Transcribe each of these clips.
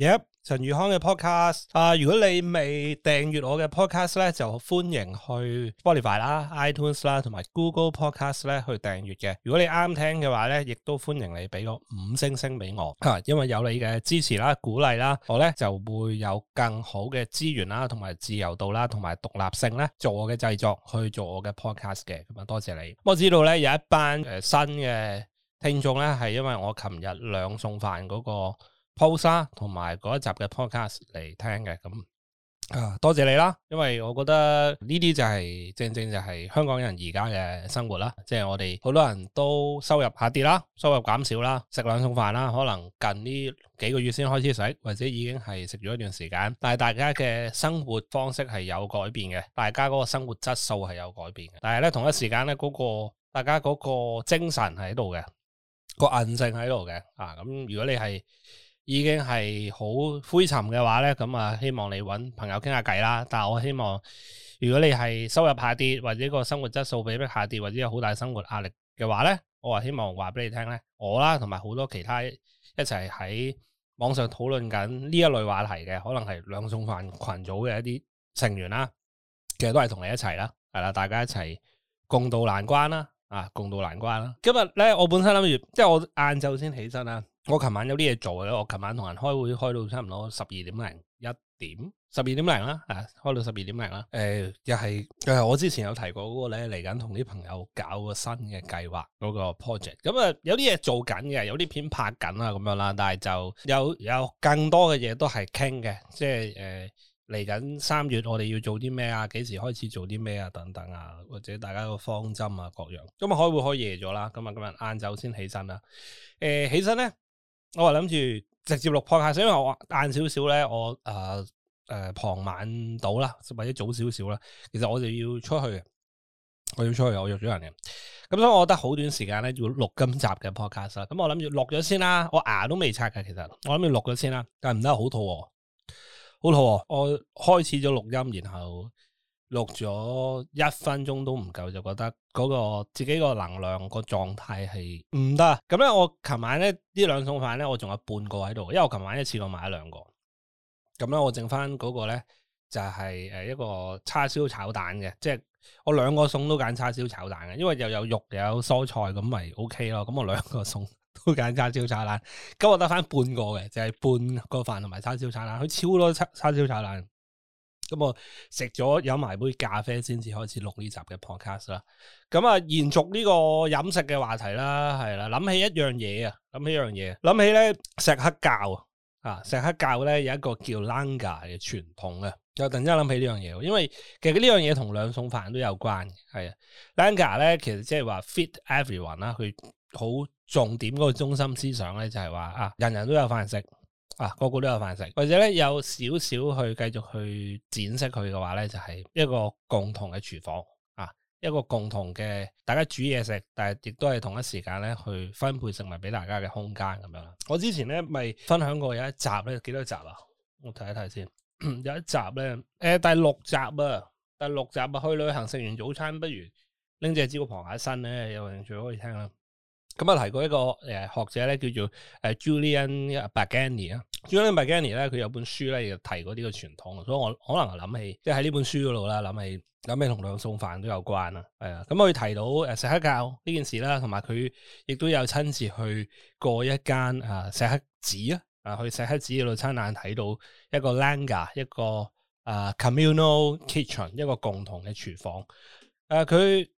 耶、yep！陳宇康嘅 podcast 啊，如果你未訂閱我嘅 podcast 咧，就歡迎去 Spotify 啦、iTunes 啦同埋 Google Podcast 咧去訂閱嘅。如果你啱聽嘅話咧，亦都歡迎你俾個五星星俾我吓，啊，因為有你嘅支持啦、鼓勵啦，我咧就會有更好嘅資源啦、同埋自由度啦、同埋獨立性咧，做我嘅製作去做我嘅 podcast 嘅。咁啊，多謝你。我知道咧有一班誒、呃、新嘅聽眾咧，係因為我琴日兩餸飯嗰、那個播沙同埋嗰一集嘅 podcast 嚟聽嘅，咁啊，多謝你啦，因為我覺得呢啲就係正正就係香港人而家嘅生活啦，即係我哋好多人都收入下跌啦，收入減少啦，食兩餸飯啦，可能近呢幾個月先開始食，或者已經係食咗一段時間，但係大家嘅生活方式係有改變嘅，大家嗰個生活質素係有改變嘅，但係咧同一時間咧嗰個大家嗰個精神喺度嘅，個韌性喺度嘅，啊咁如果你係。已經係好灰沉嘅話呢，咁啊，希望你揾朋友傾下偈啦。但我希望，如果你係收入下跌，或者個生活質素被迫下跌，或者有好大生活壓力嘅話呢，我話希望話俾你聽呢，我啦，同埋好多其他一齊喺網上討論緊呢一類話題嘅，可能係兩餸飯群組嘅一啲成員啦，其實都係同你一齊啦，大家一齊共度難關啦，啊，共度難關啦。今日呢，我本身諗住，即係我晏晝先起身啦。我琴晚有啲嘢做嘅，我琴晚同人開會開到差唔多十二點零一點，十二點零啦，啊，開到十二點零啦。誒，又係誒，我之前有提過嗰個咧，嚟緊同啲朋友搞個新嘅計劃嗰個 project。咁啊，有啲嘢做緊嘅，有啲片拍緊啊，咁樣啦。但係就有有更多嘅嘢都係傾嘅，即係誒，嚟緊三月我哋要做啲咩啊？幾時開始做啲咩啊？等等啊，或者大家個方針啊各樣。咁啊，開會開夜咗啦，咁啊今日晏晝先起身啦。誒，起身咧。我話諗住直接錄 podcast，因為我晏少少咧，我誒誒傍晚到啦，或者早少少啦，其實我就要出去，我要出去，我約咗人嘅。咁所以我覺得好短時間咧要錄今集嘅 podcast 啦。咁我諗住錄咗先啦，我牙都未刷嘅，其實我諗住錄咗先啦，但係唔得，好肚餓，好肚餓！我開始咗錄音，然後。錄咗一分鐘都唔夠，就覺得嗰個自己個能量、個狀態係唔得。咁咧，我琴晚咧呢兩餸飯咧，我仲有半個喺度，因為我琴晚一次都買咗兩個。咁咧，我剩翻嗰個咧就係、是、誒一個叉燒炒蛋嘅，即、就、係、是、我兩個餸都揀叉燒炒蛋嘅，因為又有肉又有蔬菜，咁咪 O K 咯。咁我兩個餸都揀叉燒炒蛋，咁我得翻半個嘅，就係、是、半個飯同埋叉燒炒蛋，佢超多叉叉燒炒蛋。咁、嗯、啊，食咗飲埋杯咖啡先至開始錄呢集嘅 podcast 啦。咁、嗯、啊，延續呢個飲食嘅話題啦，係啦，諗起一樣嘢啊，諗起一樣嘢，諗起咧錫克教啊，錫克教咧有一個叫 Langar 嘅傳統嘅，又突然間諗起呢樣嘢，因為其實呢樣嘢同兩餸飯都有關係啊，Langar 咧其實即係話 feed everyone 啦，佢好重點嗰個中心思想咧就係話啊，人人都有飯食。啊，個個都有飯食，或者咧有少少去繼續去展示佢嘅話咧，就係、是、一個共同嘅廚房啊，一個共同嘅大家煮嘢食，但係亦都係同一時間咧去分配食物俾大家嘅空間咁樣。我之前咧咪分享過有一集咧幾多集啊？我睇一睇先， 有一集咧，誒、呃、第六集啊，第六集啊，第六集啊去旅行食完早餐，不如拎隻支個螃蟹身咧，有興趣可以聽啦、啊。咁、嗯、啊，提過一個誒、呃、學者咧叫做、呃、Julian Bagani 啊。johnny magany 咧，佢有本書咧，提過呢個傳統，所以我可能諗起，即係喺呢本書嗰度啦，諗起諗起同兩餸飯都有關啦，啊，咁、嗯、佢提到石黑教呢件事啦，同埋佢亦都有親自去過一間啊石黑寺啊，寺啊去石黑寺嘅餐廳睇到一個 langar，一個、啊、communal kitchen，一個共同嘅廚房。佢、啊、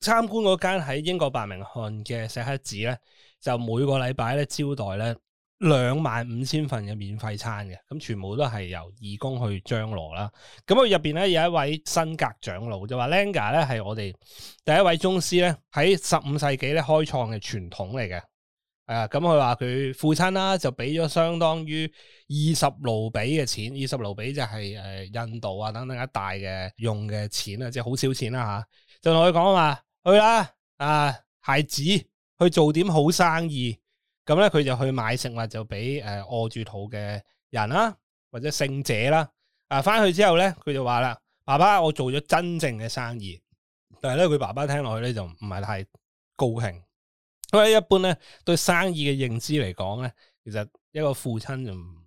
參觀嗰間喺英國伯明翰嘅石黑寺咧，就每個禮拜咧招待咧，兩萬五千份嘅免費餐嘅，咁全部都係由義工去張羅啦。咁佢入邊咧有一位新格長老就話 Langer 咧係我哋第一位宗師咧，喺十五世紀咧開創嘅傳統嚟嘅。誒，咁佢話佢父親啦就俾咗相當於二十盧比嘅錢，二十盧比就係誒印度啊等等一大嘅用嘅錢啊，即係好少錢啦吓。就同佢講話，去啦，啊，孩子，去做點好生意。咁咧佢就去買食物就，就俾誒餓住肚嘅人啦、啊，或者聖者啦、啊。啊翻去之後咧，佢就話啦：爸爸，我做咗真正嘅生意。但係咧，佢爸爸聽落去咧就唔係太高興，因為一般咧對生意嘅認知嚟講咧，其實一個父親就唔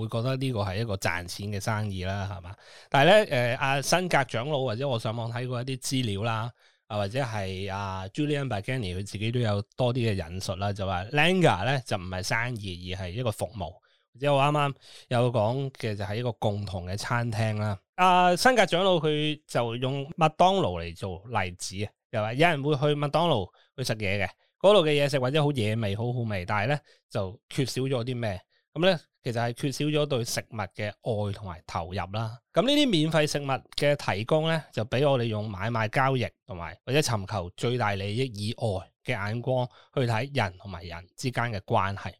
會覺得呢個係一個賺錢嘅生意啦，係嘛？但係咧，誒、呃、阿辛格長老或者我上網睇過一啲資料啦。啊，或者係啊，Julian Baggini 佢自己都有多啲嘅引述啦，就話 langar 咧就唔係生意，而係一個服務。或者我啱啱有講嘅就係一個共同嘅餐廳啦。啊，新格長老佢就用麥當勞嚟做例子啊，又、就、話、是、有人會去麥當勞去食嘢嘅，嗰度嘅嘢食或者好野味，好好味，但係咧就缺少咗啲咩咁咧。其實係缺少咗對食物嘅愛同埋投入啦。咁呢啲免費食物嘅提供咧，就俾我哋用買賣交易同埋或者尋求最大利益以外嘅眼光去睇人同埋人之間嘅關係。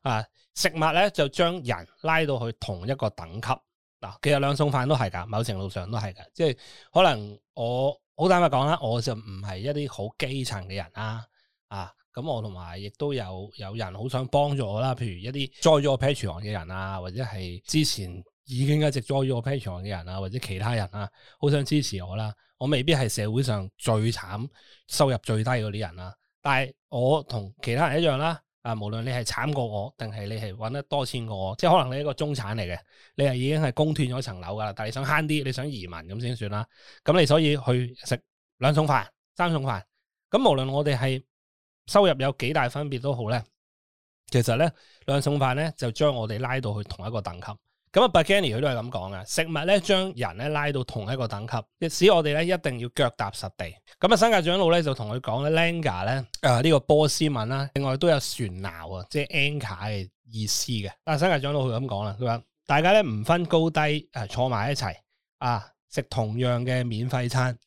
啊，食物咧就將人拉到去同一個等級嗱，啊。其實兩餸飯都係噶，某程度上都係噶。即係可能我好坦白講啦，我就唔係一啲好基層嘅人啦，啊。咁我同埋亦都有有人好想幫助我啦，譬如一啲 join 咗我 Patreon 嘅人啊，或者係之前已經一直 join 咗我 Patreon 嘅人啊，或者其他人啊，好想支持我啦。我未必係社會上最慘、收入最低嗰啲人啊，但係我同其他人一樣啦。啊，無論你係慘過我，定係你係揾得多錢過我，即係可能你一個中產嚟嘅，你係已經係供斷咗層樓噶啦，但係你想慳啲，你想移民咁先算啦。咁你所以去食兩餸飯、三餸飯。咁無論我哋係。收入有幾大分別都好咧，其實咧兩餸飯咧就將我哋拉到去同一個等級。咁啊，Begany 佢都係咁講嘅，食物咧將人咧拉到同一個等級，使我哋咧一定要腳踏實地。咁啊，新界長老咧就同佢講咧，Langer 咧誒呢、啊這個波斯文啦、啊，另外都有船錨啊，即係 anchor 嘅意思嘅。但新界長老佢咁講啦，佢話大家咧唔分高低誒坐埋一齊啊，食、啊、同樣嘅免費餐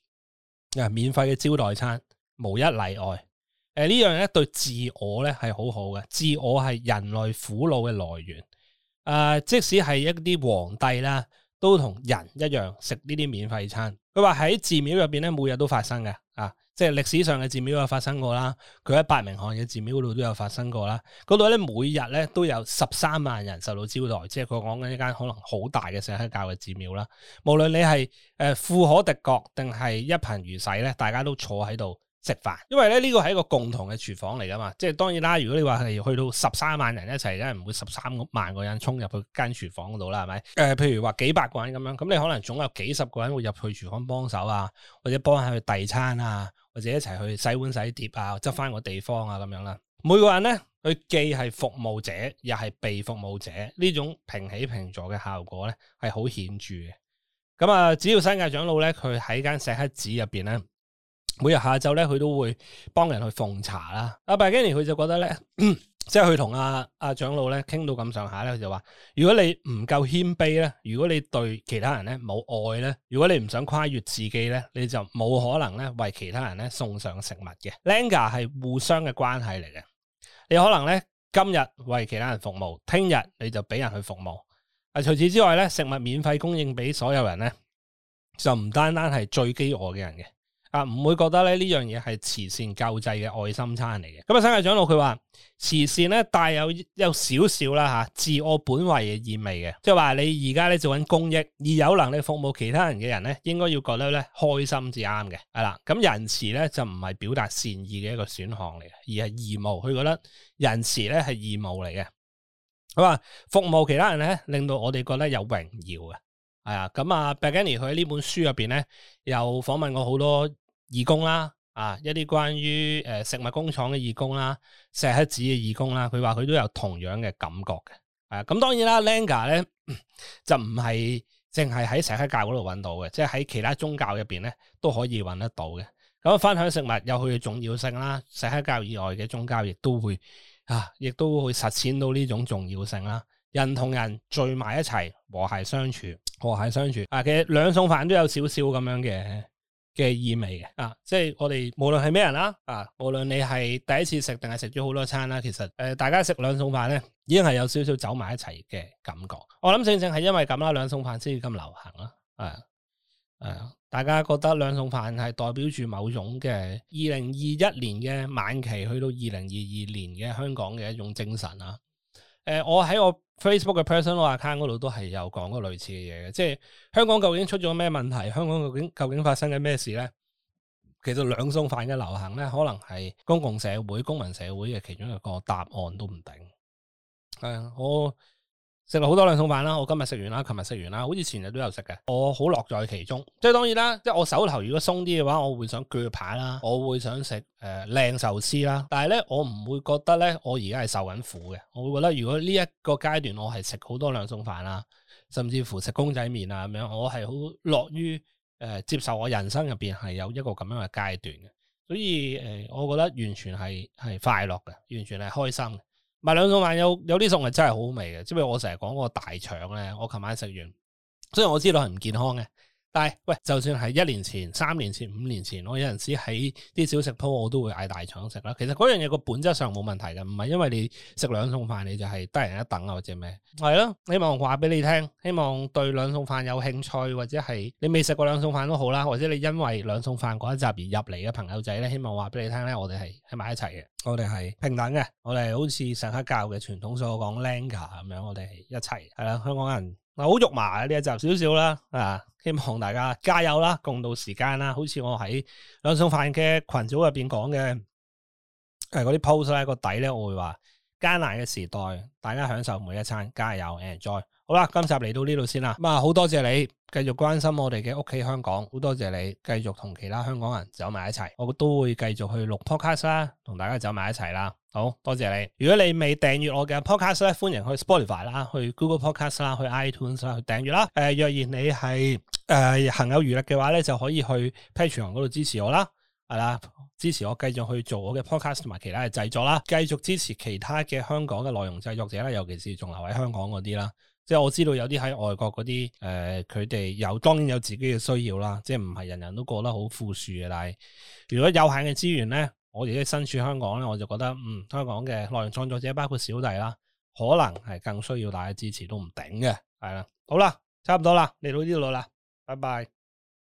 啊，免費嘅招待餐，無一例外。誒，呢樣咧對自我咧係好好嘅，自我係人類苦惱嘅來源，呃。啊，即使係一啲皇帝啦，都同人一樣食呢啲免費餐。佢話喺寺廟入邊咧，每日都發生嘅啊，即係歷史上嘅寺廟有發生過啦。佢喺伯明翰嘅寺廟度都有發生過啦。嗰度咧每日咧都有十三萬人受到招待，即係佢講緊一間可能好大嘅錫克教嘅寺廟啦。無論你係誒富可敵國定係一貧如洗咧，大家都坐喺度。食飯，因為咧呢個係一個共同嘅廚房嚟噶嘛，即係當然啦。如果你話係去到十三萬人一齊，梗係唔會十三萬個人衝入去間廚房嗰度啦，係咪？誒、呃，譬如話幾百個人咁樣，咁你可能總有幾十個人會入去廚房幫手啊，或者幫下佢遞餐啊，或者一齊去洗碗洗碟啊，執翻個地方啊咁樣啦。每個人咧，佢既係服務者，又係被服務者，呢種平起平坐嘅效果咧，係好顯著嘅。咁啊，只要新界長老咧，佢喺間石刻紙入邊咧。每日下晝咧，佢都會幫人去奉茶啦。阿 Baggini 佢就覺得咧，即係佢同阿阿長老咧傾到咁上下咧，佢就話：如果你唔夠謙卑咧，如果你對其他人咧冇愛咧，如果你唔想跨越自己咧，你就冇可能咧為其他人咧送上食物嘅。Langer 係互相嘅關係嚟嘅，你可能咧今日為其他人服務，聽日你就俾人去服務。啊，除此之外咧，食物免費供應俾所有人咧，就唔單單係最飢餓嘅人嘅。啊，唔會覺得咧呢樣嘢係慈善救濟嘅愛心餐嚟嘅。咁啊，新界長老佢話，慈善咧帶有有少少啦嚇自我本位嘅意味嘅，啊，即係話你而家咧做緊公益，而有能力服務其他人嘅人咧，應該要覺得咧開心至啱嘅。啦、啊，咁仁慈咧就唔係表達善意嘅一個選項嚟嘅，而係義務。佢覺得仁慈咧係義務嚟嘅。係、啊、服務其他人咧令到我哋覺得有榮耀嘅。啊，咁啊，Begany 佢喺呢本書入邊咧，又訪問過好多。義工啦，啊，一啲關於誒食物工廠嘅義工啦，錫克子嘅義工啦，佢話佢都有同樣嘅感覺嘅，啊咁當然啦，Langa 咧就唔係淨係喺錫克教嗰度搵到嘅，即係喺其他宗教入邊咧都可以搵得到嘅。咁、啊、分享食物有佢嘅重要性啦，錫克教以外嘅宗教亦都會啊，亦都會實踐到呢種重要性啦。人同人聚埋一齊，和諧相處，和諧相處啊！其實兩餸飯都有少少咁樣嘅。嘅意味嘅啊，即係我哋無論係咩人啦、啊，啊，無論你係第一次食定係食咗好多餐啦、啊，其實誒、呃，大家食兩餸飯咧，已經係有少少走埋一齊嘅感覺。我諗正正係因為咁啦，兩餸飯先至咁流行啦、啊，啊，啊，大家覺得兩餸飯係代表住某種嘅二零二一年嘅晚期去到二零二二年嘅香港嘅一種精神啊。誒、呃，我喺我。Facebook 嘅 personal account 嗰度都係有講過類似嘅嘢嘅，即係香港究竟出咗咩問題？香港究竟究竟發生緊咩事咧？其實兩餸飯嘅流行咧，可能係公共社會、公民社會嘅其中一個答案都唔定。係、哎、啊，我食好多兩餸飯啦！我今日食完啦，琴日食完啦，好似前日都有食嘅。我好樂在其中，即係當然啦，即係我手頭如果鬆啲嘅話，我會想鋸扒啦，我會想食誒靚壽司啦。但係咧，我唔會覺得咧，我而家係受緊苦嘅。我會覺得，如果呢一個階段我係食好多兩餸飯啦，甚至乎食公仔麵啊咁樣，我係好樂於誒、呃、接受我人生入邊係有一個咁樣嘅階段嘅。所以誒、呃，我覺得完全係係快樂嘅，完全係開心嘅。嘅。買兩 𩠌 有有啲 𩠌 係真係好好味嘅，即係我成日講嗰個大腸咧，我琴晚食完，雖然我知道係唔健康嘅。但係喂，就算係一年前、三年前、五年前，我有陣時喺啲小食鋪，我都會嗌大腸食啦。其實嗰樣嘢個本質上冇問題㗎，唔係因為你食兩餸飯你就係低人一等啊，或者咩？係咯，希望話俾你聽，希望對兩餸飯有興趣，或者係你未食過兩餸飯都好啦，或者你因為兩餸飯嗰一集而入嚟嘅朋友仔呢，希望話俾你聽呢，我哋係喺埋一齊嘅，我哋係平等嘅，我哋好似上刻教嘅傳統所講 lanka 咁樣，我哋係一齊，香港人。好肉麻呢一集少少啦，啊，希望大家加油啦，共度時間啦。好似我喺兩餸飯嘅群組入邊講嘅，誒，嗰啲 pose 咧，個底咧，我會話艱難嘅時代，大家享受每一餐，加油，enjoy。好啦，今集嚟到呢度先啦。咁啊，好多謝你繼續關心我哋嘅屋企香港，好多謝你繼續同其他香港人走埋一齊，我都會繼續去錄 podcast 啦，同大家走埋一齊啦。好多謝你！如果你未訂閱我嘅 podcast 咧，歡迎去 Spotify 啦，去 Google Podcast 啦，去 iTunes 啦，去訂閱啦。誒、呃，若然你係誒、呃、行有餘力嘅話咧，就可以去 Patreon 嗰度支持我啦，係啦，支持我繼續去做我嘅 podcast 同埋其他嘅製作啦，繼續支持其他嘅香港嘅內容製作者啦，尤其是仲留喺香港嗰啲啦。即係我知道有啲喺外國嗰啲，誒、呃，佢哋有當然有自己嘅需要啦，即係唔係人人都過得好富庶嘅。但係如果有限嘅資源咧。我自己身處香港呢，我就覺得嗯，香港嘅內容創作者包括小弟啦，可能係更需要大家支持都唔定嘅，係啦，好啦，差唔多啦，嚟到呢度啦，拜拜。